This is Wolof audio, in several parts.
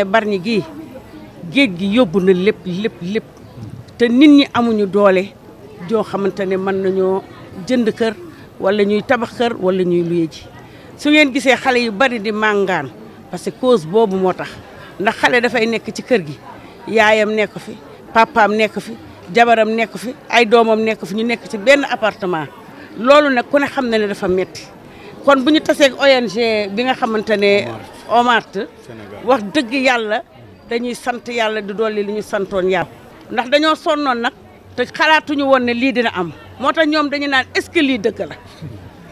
Bargny gi géej gi yóbbu na lépp lépp lépp te nit ñi amuñu doole joo xamante ne mën nañoo jënd kër wala ñuy tabax kër wala ñuy luye ji su ngeen gisee xale yu bari di màngaan parce que cause boobu moo tax ndax xale dafay nekk ci kër gi yaayam nekk fi papaam nekk fi jabaram nekk fi ay doomam nekk fi ñu nekk ci benn appartement loolu nag ku ne xam na ne dafa metti kon bu ñu tasee ak bi nga xamante ne Omart wax dëgg yàlla dañuy sant yàlla di dolli li ñu santoon yàlla ndax dañoo sonnoon nag te xalaatuñu woon ne lii dina am moo tax ñoom dañu naan est-ce que lii dëgg la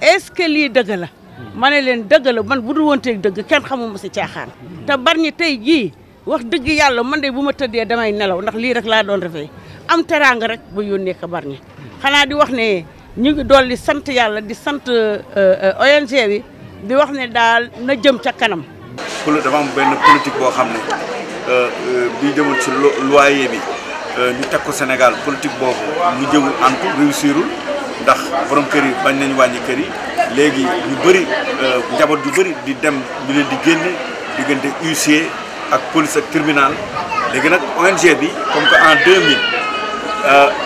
est-ce que lii dëgg la ma ne leen dëgg la man bu dul wonteeg dëgg kenn xamuma si caaxaan te Bargny tey jii wax dëgg yàlla man de bu ma tëddee damay nelaw ndax lii rek laa doon refee am teraanga rek ba yónnee ko Bargny xanaa di wax ne ñu ngi dolli sant yàlla di sant euh, euh, ONG bi di wax ne daal na jëm ca kanam pour dafa benn politique boo xam ne euh, euh, bi jëmul ci loyer bi euh, ñu teg ko Sénégal politique boobu ñu jëmul antu réussirul ndax from kër yi bañ nañu wàññi kër léegi ñu bëri njaboot yu bëri di dem ñu leen di génne diggante uc ak police ak tribunal léegi nag ONG bi comme que en 2000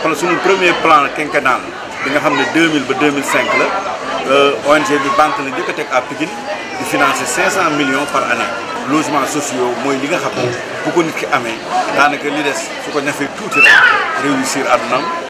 kon suñu premier plan quinquennal bi nga xam ne 2000 ba 2005 la. Euh, ONG bi banque la njëkk a teg à Pikine di financer 500 millions par année logements sociaux mooy li nga xam ne bu ko nit ki amee daanaka li des su ko ñafee tuuti rek réussir àddunaam